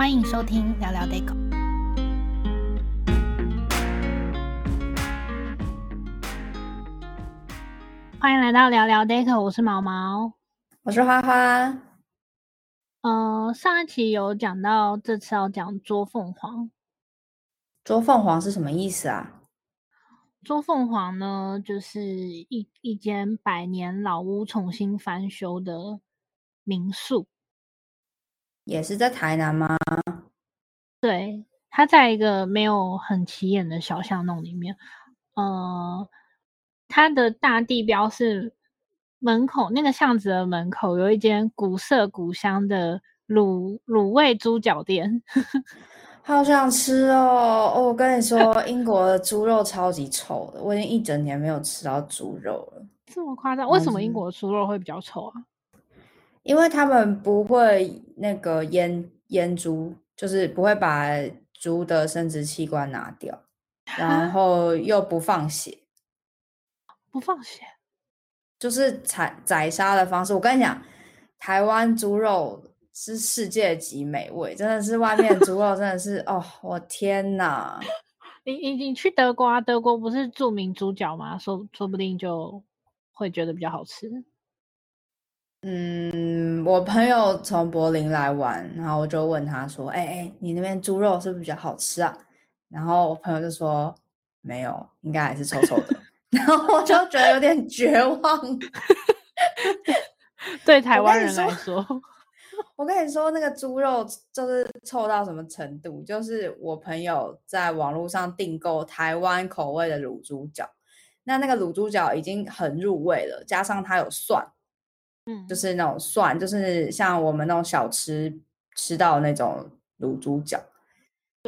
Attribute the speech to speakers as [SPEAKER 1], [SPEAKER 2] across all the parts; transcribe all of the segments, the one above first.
[SPEAKER 1] 歡迎收聽聊聊 Deco。歡迎來到聊聊 Deco，我是毛毛，我是花花。呃，上一期有講到，這次要講捉鳳凰。
[SPEAKER 2] 捉鳳凰是什麼意思啊？
[SPEAKER 1] 捉鳳凰呢，就是一一間百年老屋重新翻修的民宿。
[SPEAKER 2] 也是在台南嗎？
[SPEAKER 1] 對，它在一個沒有很起眼的小巷弄裡面。嗯、呃，它的大地標是門口那個巷子的門口有一間古色古香的滷滷味豬腳店，
[SPEAKER 2] 好想吃哦，哦！我跟你說， 英國的豬肉超級臭的，我已經一整年沒有吃到豬肉了，
[SPEAKER 1] 這麼誇張？為什麼英國的豬肉會比較臭啊？
[SPEAKER 2] 因為他們不會那個醃醃豬，就是不會把豬的生殖器官拿掉，然後又不放血，
[SPEAKER 1] 不放血，
[SPEAKER 2] 就是宰宰殺的方式。我跟你講，台灣豬肉是世界級美味，真的是，外面豬肉真的是 哦，我天哪！
[SPEAKER 1] 你你你去德國啊，德國不是著名豬腳嗎？說說不定就會覺得比較好吃。
[SPEAKER 2] 嗯，我朋友從柏林來玩，然後我就問他說：“哎、欸、哎、欸，你那邊豬肉是不是比較好吃啊？”然後我朋友就說：“沒有，應該還是臭臭的。 ”然後我就覺得有點絕望。 對台灣人來說，我跟你說，我跟你說那個豬肉就是臭到什麼程度？就是我朋友在網絡上訂購台灣口味的滷豬腳，那那個滷豬腳已經很入味了，加上它有蒜。就是那種蒜、嗯，就是像我們那種小吃吃到那種滷豬腳，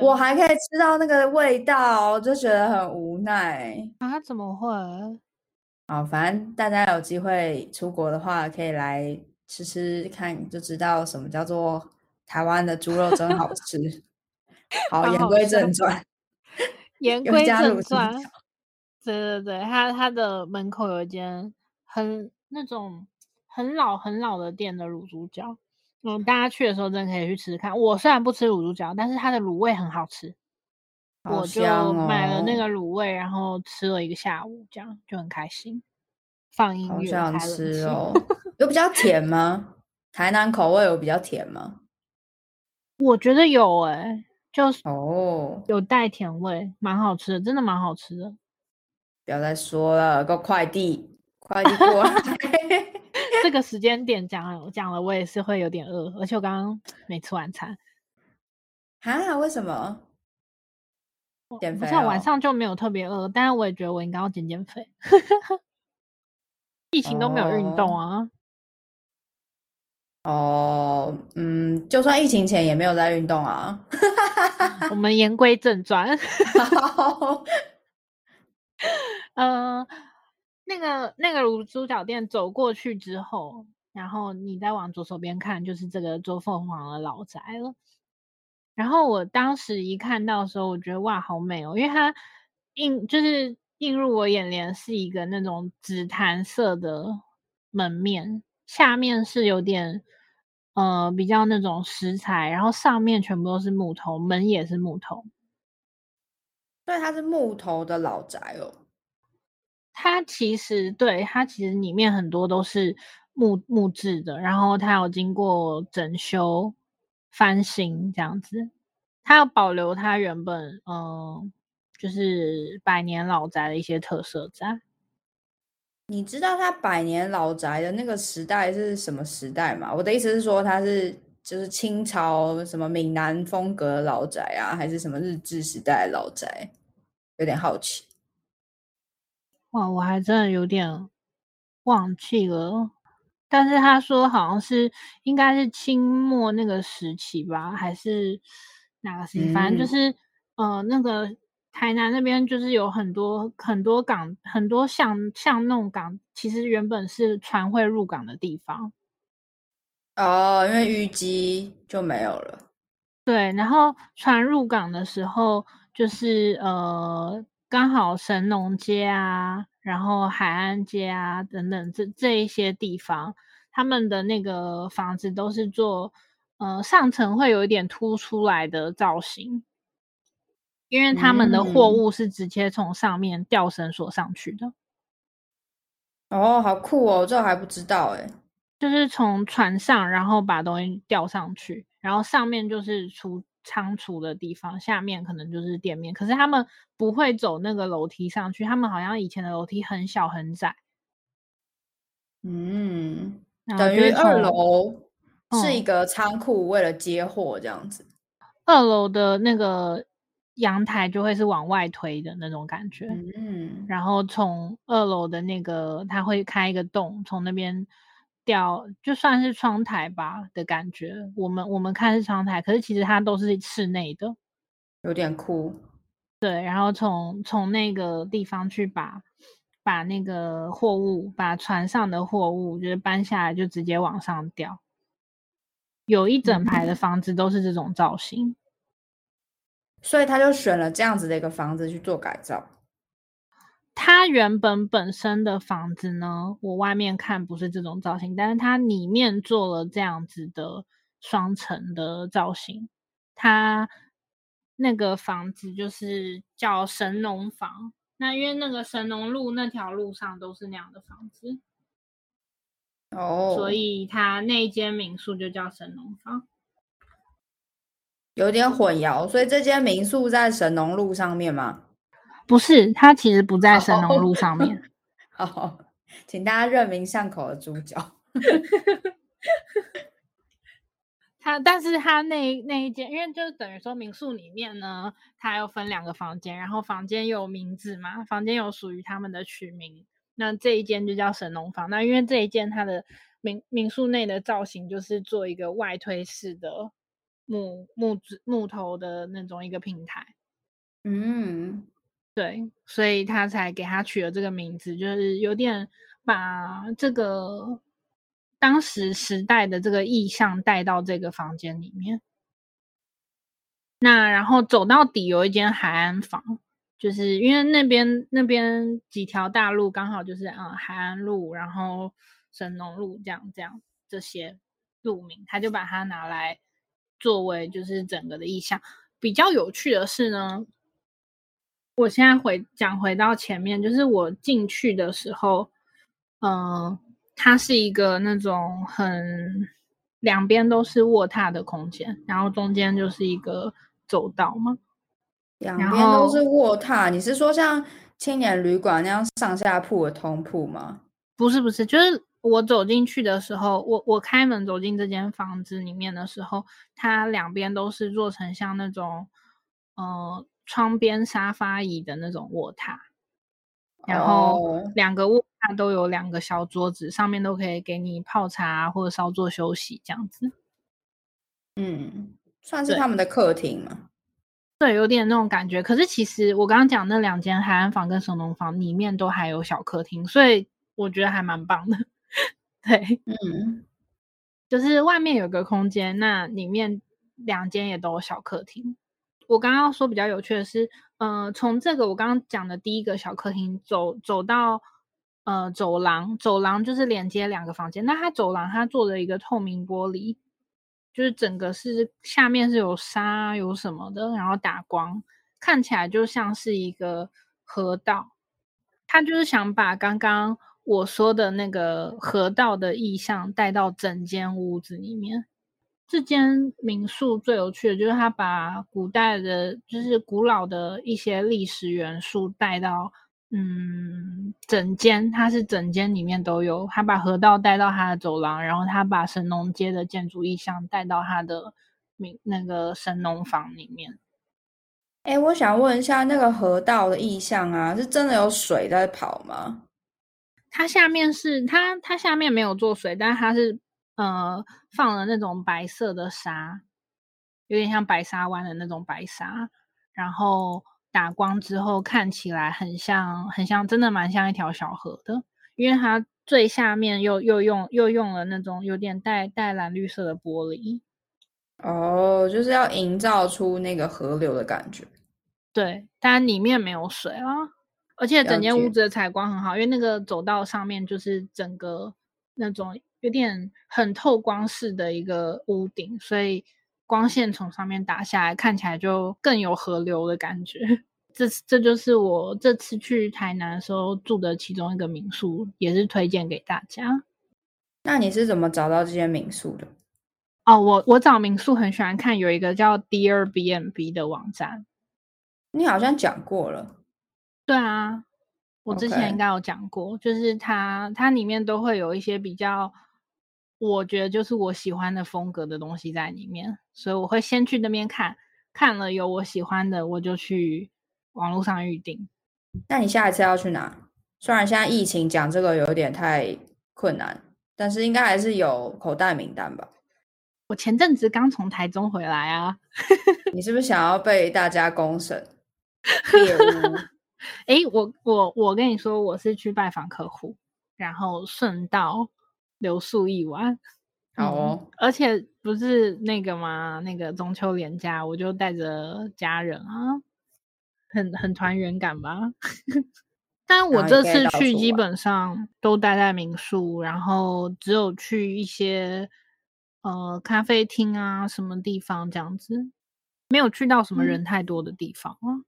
[SPEAKER 2] 我還可以吃到那個味道，就覺得很無奈啊！怎麼會、啊？好，反正大家有機會出國的話，可以來吃吃看，就知道什麼叫做台灣的豬肉真好吃。 好，言歸正傳，
[SPEAKER 1] 言歸正傳，對對對，它他，他的門口有一間很那種。很老很老的店的滷豬腳，嗯，大家去的時候真的可以去吃吃看。我雖然不吃滷豬腳，但是它的滷味很好吃。好、哦，我就買了那個滷味，然後吃了一個下午，這樣就很開心。
[SPEAKER 2] 放音樂、哦，開心。想吃哦！有比較甜嗎？ 台南口味有比較甜嗎？我覺得有哎、欸，就是
[SPEAKER 1] 哦，有帶甜味，蠻好吃的，真的蠻好吃的。
[SPEAKER 2] 不要再說了，個快遞，
[SPEAKER 1] 快遞過來。 這個時間點講了講了，我也是會有點餓，而且我剛剛沒吃晚餐。啊？為什麼？
[SPEAKER 2] 減肥、哦我不是？晚上
[SPEAKER 1] 就沒有特別餓，但是我也覺得我應該要減減肥。 疫情都沒有運動啊。
[SPEAKER 2] 哦、oh. oh.，嗯，就算疫情前也沒有在運動啊。 我們言歸正傳。嗯、 oh. 呃。
[SPEAKER 1] 那個那個滷豬腳店走過去之後，然後你再往左手邊看，就是這個捉鳳凰的老宅了。然後我當時一看到的時候，我覺得哇，好美哦，因為它映就是映入我眼簾是一個那種紫檀色的門面，下面是有點呃比較那種石材，然後上面全部都是木頭，門也是木頭，
[SPEAKER 2] 對它是木頭的老宅哦。它其實對，它
[SPEAKER 1] 其實裡面很多都是木木質的，然後它有經過整修、翻新這樣子，它要保留它原本嗯，就
[SPEAKER 2] 是百年老宅的一些特色在。你知道它百年老宅的那個時代是什麼時代嗎？我的意思是說，它是就是清朝什麼閩南風格老宅啊，還是什麼日治時代老宅？有點好奇。
[SPEAKER 1] 哇，我還真的有點忘記了，但是他說好像是應該是清末那個時期吧，還是哪個時期，嗯，反正就是呃，那個台南那邊就是有很多很多港，很多像像那種港，其實原本是船會入港的地方。
[SPEAKER 2] 哦，呃，因為淤積就沒有了。
[SPEAKER 1] 對，然後船入港的時候就是呃。剛好神農街啊，然後海岸街啊等等，這這一些地方，他們的那個房子都是做，呃，上層會有一點突出來的造型，因為他們的貨物是直接從上面吊繩索上去的。嗯。哦，好酷哦，我這還不知道哎，欸，就是從船上，然後把東西吊上去，然後上面就是出。倉儲的地方，下面可能就是店面，可是他們不會走那個樓梯上去，他們好像以前的樓梯很小很窄。
[SPEAKER 2] 嗯，等於二樓是一個倉庫，為了接貨這樣子。嗯，
[SPEAKER 1] 二樓的那個陽台就會是往外推的那種感覺，嗯，嗯，然後從二樓的那個他會開一個洞，從那邊。吊，就算是窗台吧的感覺，我們我們看是窗台，可是其實它都是室內的，有點酷。對，然後從從那個地方去把把那個貨物，把船上的貨物就是搬下來，就直接往上吊。有一整排的房子都是這種造型。
[SPEAKER 2] 嗯，所以他就選了這樣子的一個房子去做改造。
[SPEAKER 1] 它原本本身的房子呢，我外面看不是這種造型，但是它裡面做了這樣子的雙層的造型。它那個房子就是叫神農房，那因為那個神農路那條路上都是那樣的房子，
[SPEAKER 2] 哦，Oh，所以
[SPEAKER 1] 它那間民宿就叫神農房，
[SPEAKER 2] 有點混淆。所以這間民宿在神農路上面嗎？
[SPEAKER 1] 不是，它其實不在神農路上面。哦、oh.
[SPEAKER 2] oh.，oh. 請大家認明巷口的豬腳。
[SPEAKER 1] 它， 但是它那那一間，因為就等於說民宿裡面呢，它要分兩個房間，然後房間有名字嘛，房間有屬於他們的取名。那這一間就叫神農房。那因為這一間它的民民宿內的造型就是做一個外推式的木木木頭的那種一個平台。
[SPEAKER 2] 嗯。
[SPEAKER 1] 對，所以他才給他取了這個名字，就是有點把這個當時時代的這個意象帶到這個房間裡面。那然後走到底有一間海安房，就是因為那邊那邊，幾條大路剛好就是嗯海安路，然後神農路這樣這樣這些路名，他就把它拿來作為就是整個的意象。比較有趣的是呢，我現在回講回到前面，就是我進去的時候，嗯、呃，它是一個那種很兩邊都是臥榻的空間，然後中間就是一個走道嘛。
[SPEAKER 2] 兩邊都是臥榻，你是說像青年旅館那樣上下鋪的通鋪嗎？不是，不是，就
[SPEAKER 1] 是我走進去的時候，我我開門走進這間房子裡面的時候，它兩邊都是做成像那種，嗯、呃。窗邊沙發椅的那種臥榻，然後兩個臥榻都有兩個小桌子，oh. 上面都可以給你泡茶或者稍作休息這樣子。嗯，
[SPEAKER 2] 算是他們的客
[SPEAKER 1] 廳嗎？對，有點那種感覺。可是其實我剛剛講那兩間海安房跟神農房裡面都還有小客廳，所以我覺得還蠻棒的。 對，嗯，就是外面有個空間，那裡面兩間也都有小客廳。我剛剛說比較有趣的是，呃，從這個我剛剛講的第一個小客廳走，走到，呃，走廊，走廊就是連接兩個房間。那它走廊，它做了一個透明玻璃，就是整個是下面是有沙有什麼的，然後打光，看起來就像是一個河道。他就是想把剛剛我說的那個河道的意象帶到整間屋子裡面。這間民宿最有趣的就是，他把古代的，就是古老的一些歷史元素帶到，嗯，整間它是整間裡面都有。他把河道帶到他的走廊，然後他把神農街的建築意象帶到他的民那個神農房裡面。
[SPEAKER 2] 哎，我想問一下，那個河道的意象啊，是真的有水在跑嗎？
[SPEAKER 1] 它下面是它，它下面沒有做水，但他是它是。呃，放了那種白色的沙，有點像白沙灣的那種白沙，然後打光之後看起來很像，很像，真的蠻像一條小河的，因為它最下面又又用又用了那種有點帶帶藍綠色的玻璃，
[SPEAKER 2] 哦、oh，就是要營造出那個河流的感覺。
[SPEAKER 1] 對，當然裡面沒有水啊，而且整間屋子的採光很好，因為那個走道上面就是整個那種。有點很透光式的一個屋頂，所以光線從上面打下來，看起來就更有河流的感覺。這這就是我這次去台南的時候住的其中一個民宿，也是推薦給大家。那你是怎麼找到這些民宿的？哦，我我找民宿很喜歡看有一個叫 Dear B&B 的網站，你好像講過了。對啊，
[SPEAKER 2] 我之前應該
[SPEAKER 1] 有講過，okay. 就是它它裡面都會有一些比較。我覺得就是我喜歡的風格的東西在裡面，所以我會先去那邊看，看了有我喜歡的，我就去網
[SPEAKER 2] 絡上預訂。那你下一次要去哪？雖然現在疫情講這個有點太困難，但是應該還是有口袋名單吧？我前陣子剛從台中回來啊。 你是不是想要被大家公審獵
[SPEAKER 1] 物？哎、 欸，我我我跟你說，我是去拜訪客戶，然後順道。留宿一晚，嗯、哦。而且不是那個嘛，那個中秋連假，我就帶着家人啊，很很團圓感吧。 但我這次去基本上都待在民宿，然後只有去一些呃咖啡廳啊什麼地方這樣子，沒有去到什麼人太多的地方啊。嗯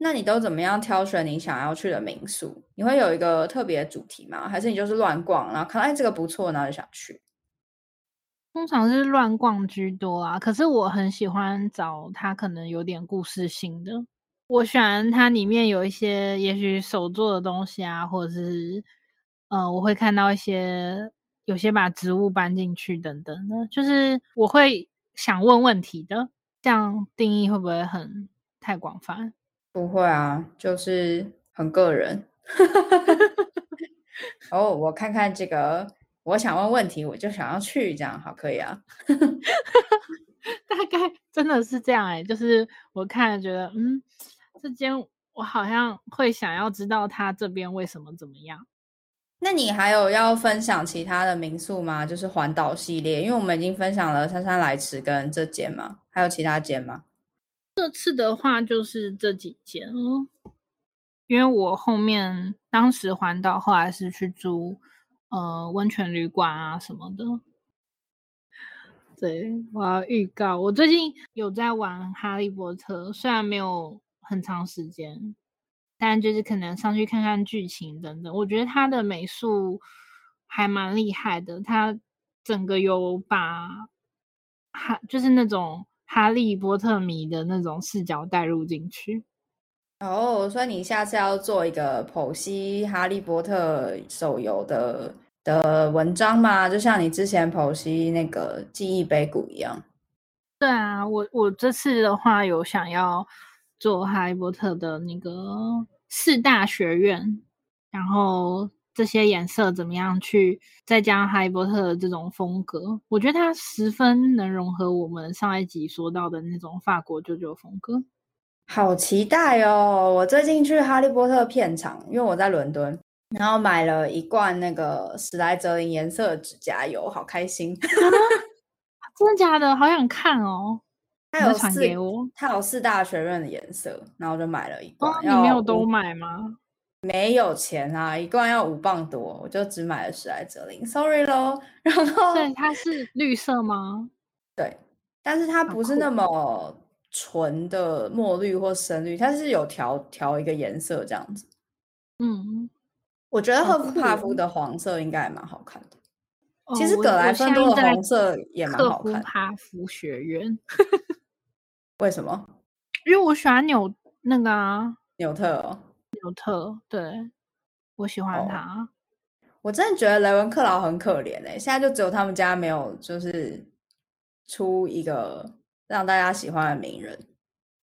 [SPEAKER 2] 那你都怎麼樣挑選你想要去的民宿？你會有一個特別主題嗎？還是你就是亂逛，然後看到哎這個不錯呢，就想去？
[SPEAKER 1] 通常是亂逛居多啊。可是我很喜歡找它，可能有點故事性的。我喜歡它裡面有一些也許手做的東西啊，或者是呃，我會看到一些有些把植物搬進去等等的。就是我會想問問題的，這樣定義會不會很太廣泛？
[SPEAKER 2] 不會啊，就是很個人。哦 ，oh, 我看看這個，我想問問題，我就想要去，這樣好可以啊。 大概真的是這樣哎、欸，就是我看了覺得，嗯，這
[SPEAKER 1] 間我好像會想要知道他這邊為什麼怎麼樣。
[SPEAKER 2] 那你還有要分享其他的民宿嗎？就是環島系列，因為我們已經分享了姍姍來遲跟這間嘛，還有其他間嗎？
[SPEAKER 1] 這次的話就是這幾間哦，因為我後面當時環島後來是去租，呃溫泉旅館啊什麼的。對，我要預告，我最近有在玩《哈利波特》，雖然沒有很長時間，但就是可能上去看看劇情等等。我覺得他的美術還蠻厲害的，他整個有把，哈，就是那種。哈利波特迷的那種視角帶入進去，
[SPEAKER 2] 哦，oh，所以你下次要做一個剖析哈利波特手遊的的文章嗎？就像你之前剖析那個《記憶碑谷》一樣？
[SPEAKER 1] 對啊，我我這次的話有想要做哈利波特的那個四大學院，然後。這些顏色怎麼樣去再加哈利波特的這種風格？我覺得它十分能融合我們上一集說到的那種法國舅舅風格。
[SPEAKER 2] 好期待哦！我最近去哈利波特片場，因為我在倫敦，然後買了一罐那個史萊哲林顏色指甲油，好開心！ 啊？真的假的？
[SPEAKER 1] 好想看哦！他有四傳給我，
[SPEAKER 2] 他有四大學院的顏色，然後就買了一罐。哦、你沒有都買嗎？沒有錢啊，一罐要五磅多，我就只買了史萊哲林，sorry
[SPEAKER 1] 嘍。然後，它是綠色嗎？
[SPEAKER 2] 對，但是它不是那麼純的墨綠或深綠，它是有調調一個顏色這樣子。嗯，我覺得赫夫帕夫的黃色應該也蠻好看的。其實葛萊芬多的黃色也蠻好看的。在在赫夫帕夫學院？ 為什麼？
[SPEAKER 1] 因為我喜歡紐那個啊，
[SPEAKER 2] 紐特哦。特對我喜歡他，oh, 我真的覺得雷文克勞很可憐呢、欸。現在就只有他們家沒有，就是出一個讓大家喜歡的名人。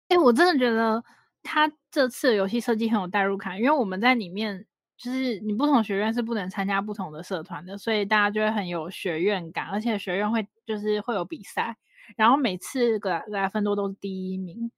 [SPEAKER 1] 哎、欸，我真的覺得他這次的遊戲設計很有代入感，因為我們在裡面就是你不同學院是不能參加不同的社團的，所以大家就會很有學院感，而且學院會就是會有比賽，然後每次格格萊芬多都是第一名。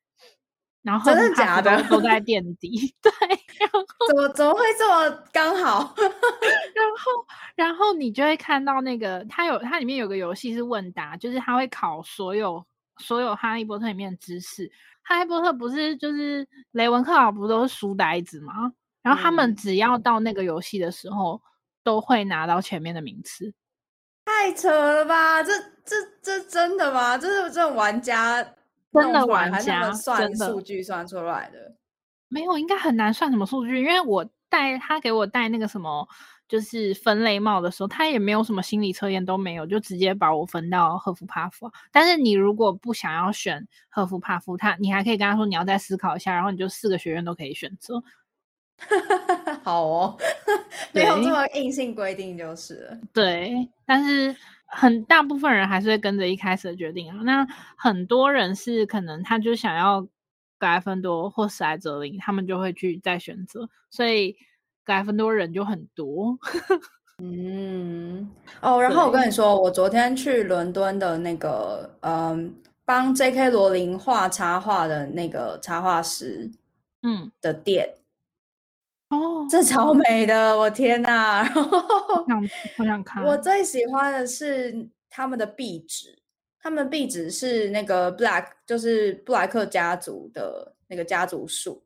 [SPEAKER 1] 然後真的假的？坐在墊底，對。然後怎麼怎麼會這麼剛好？然後然後你就會看到那個，它有它裡面有個遊戲是問答，就是它會考所有所有哈利波特裡面的知識。哈利波特不是就是雷文克勞不都是書呆子嗎、嗯？然後他們只要到那個遊戲的時候，都會拿到前面的名次。
[SPEAKER 2] 太扯了吧！這這這真的嗎？這是這種玩家。真的玩家，算數據算出來的，
[SPEAKER 1] 的、的，沒有，應該很難算什麼數據。因為我戴，他給我戴那個什麼，就是分類帽的時候，他也沒有什麼心理測驗，都沒有，就直接把我分到赫夫帕夫。但是你如果不想要選赫夫帕夫，他你還可以跟他說你要再思考一下，然後你就四個學院都可以選擇。
[SPEAKER 2] 好哦，
[SPEAKER 1] 沒有這麼
[SPEAKER 2] 硬性規定就是
[SPEAKER 1] 對，對，但是。很大部分人還是會跟着一開始的決定啊。那很多人是可能他就想要格萊芬多或史萊哲林，他們就會去再選擇。所以格萊芬多人就很
[SPEAKER 2] 多。 嗯，哦，然後我跟你說，我昨天去倫敦的那個，嗯，幫 J.K. 羅琳畫插畫的那個插畫師，嗯，的店。哦，這超美的，哦，我天哪！那我，我想看。 我最喜歡的是他們的壁紙，他們壁紙是那個布萊克，就是布萊克家族的那個家族樹。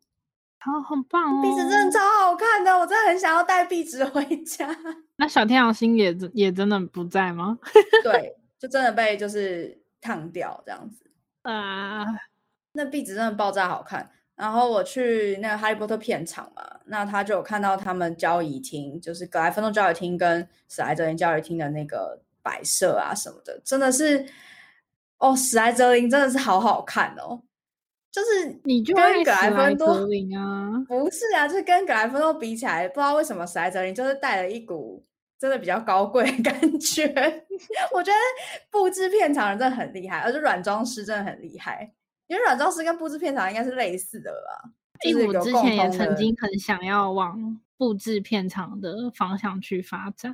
[SPEAKER 2] 好、哦，很棒哦！壁紙真的超好看的，我真的很想要帶壁紙回家。那小天陽
[SPEAKER 1] 星小天狼星也也真的不在嗎？
[SPEAKER 2] 對，就真的被就是燙掉這樣子。啊、呃， 那壁紙真的爆炸好看。然後我去那個《哈利波特》片場嘛，那他就有看到他們交誼廳，就是格萊芬多交誼廳跟史萊哲林交誼廳的那個擺設啊什麼的，真的是哦，史萊哲林真的是好好看哦，就是跟你跟格萊芬多啊，不是啊，就是跟格萊芬多比起來，不知道為什麼史萊哲林就是帶了一股真的比較高貴的感覺。 我覺得布置片場的人真的很厲害，而且軟裝師真的很厲害。因為軟裝師跟布置片場應該是類似的吧？因、就、為、是欸、我之前也曾經
[SPEAKER 1] 很想要往布置片場的方向去發展，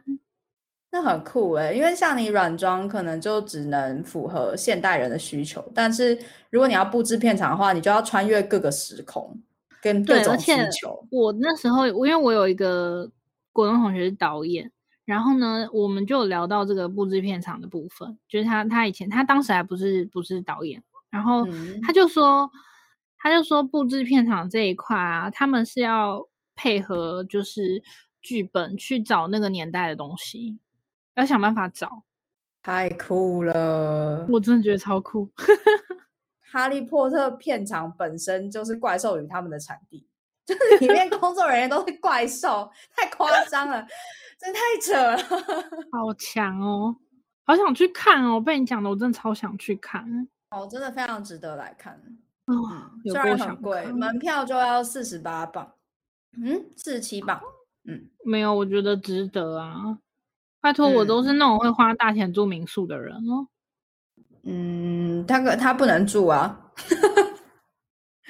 [SPEAKER 2] 那很酷哎、欸！因為像你軟裝，可能就只能符合現代人的需求，但是如果你要布置片場的話、嗯，你就要穿越各個時空，跟各種星球。
[SPEAKER 1] 我那時候，因為我有一個國中同學是導演，然後呢，我們就聊到這個布置片場的部分，就是他他以前他當時還不是不是導演。然後他就說、嗯，他就說布置片場這一塊啊，他們是要配合就是劇本去找那個年代的東西，
[SPEAKER 2] 要想辦法找。太酷了，我真的覺得超酷。哈利波特片場本身就是怪獸與他們的產地， 就是裡面工作人員都是怪獸， 太誇張了， 真的太扯
[SPEAKER 1] 了， 好強哦，好想去看哦！被你講的，我真的超想去看。
[SPEAKER 2] 哦、oh,，真的非常值得來看。哇、oh, 雖然很貴，門票就要四十八鎊，嗯，四十七鎊，
[SPEAKER 1] 嗯，沒有，我覺得值得啊。拜托、嗯，我都是那種會花大錢住民宿的人哦、喔。嗯，
[SPEAKER 2] 他可他不能住啊。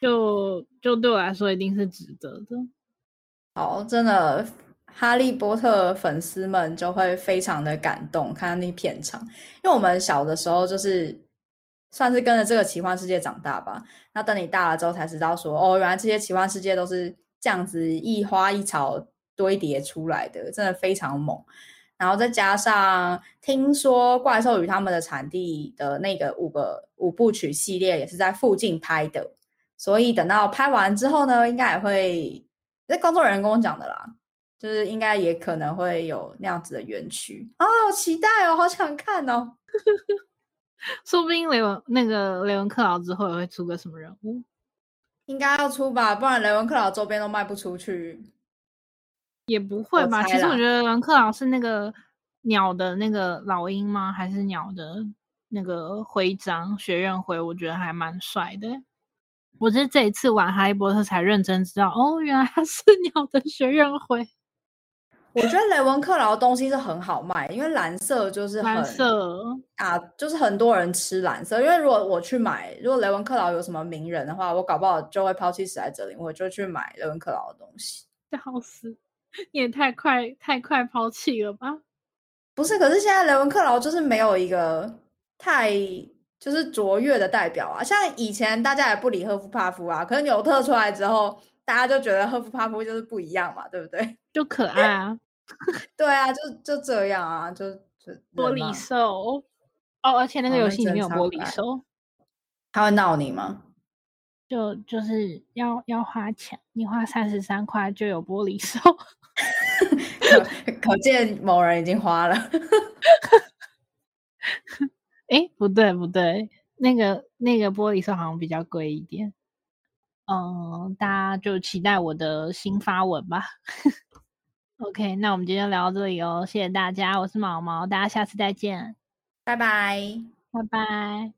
[SPEAKER 1] 就就對我
[SPEAKER 2] 來說，一定是值得的。好、oh,，真的，哈利波特粉絲們就會非常的感動，看到那片場，因為我們小的時候就是。算是跟着這個奇幻世界長大吧。那等你大了之後才知道說，說哦，原來這些奇幻世界都是這樣子一花一草堆疊出來的，真的非常猛。然後再加上聽說怪獸與他們的產地的那個五個五部曲系列也是在附近拍的，所以等到拍完之後呢，應該也會，是工作人員跟我講的啦，就是應該也可能會有那樣子的園區啊，哦、好期待哦，好想看哦。
[SPEAKER 1] 說不定雷文那個雷文克勞之後也會出個什麼人物？
[SPEAKER 2] 應該要出吧，不然雷文克勞周邊都賣不出去。也不會吧？其實我覺得
[SPEAKER 1] 雷文克勞是那個鳥的那個老鷹嗎？還是鳥的那個徽章學院徽？我覺得還蠻帥的。我是這一次玩哈利波特
[SPEAKER 2] 才認真知道哦，原來他是鳥的學院徽。我覺得雷文克勞的東西是很好賣，因為藍色就是很藍色啊，就是很多人吃藍色。因為如果我去買，如果雷文克勞有什麼名人的話，我搞不好就會拋棄史萊哲林，我就去買雷文克勞的東西。
[SPEAKER 1] 笑死，你也太快太快拋
[SPEAKER 2] 棄了吧？不是，可是現在雷文克勞就是沒有一個太就是卓越的代表啊，像以前大家也不理赫夫帕夫啊，可是紐特出來之後。大家就覺得赫夫帕夫就是不一樣嘛，對不對？就
[SPEAKER 1] 可愛啊，
[SPEAKER 2] 對啊，就就這樣啊，就就玻璃獸哦，而且那個遊戲裡面，有玻璃獸他，他會鬧你嗎？就就是要要
[SPEAKER 1] 花錢，你花三十三塊就有玻璃獸 可，可見某人已經花了。哎、 欸，不對不對，那個那個玻璃獸好像比較貴一點。嗯、uh，大家就期待我的新發文吧。 OK，那我們今天聊到這裡哦，謝謝大家，我是毛毛，大家下次再見，拜拜，拜拜。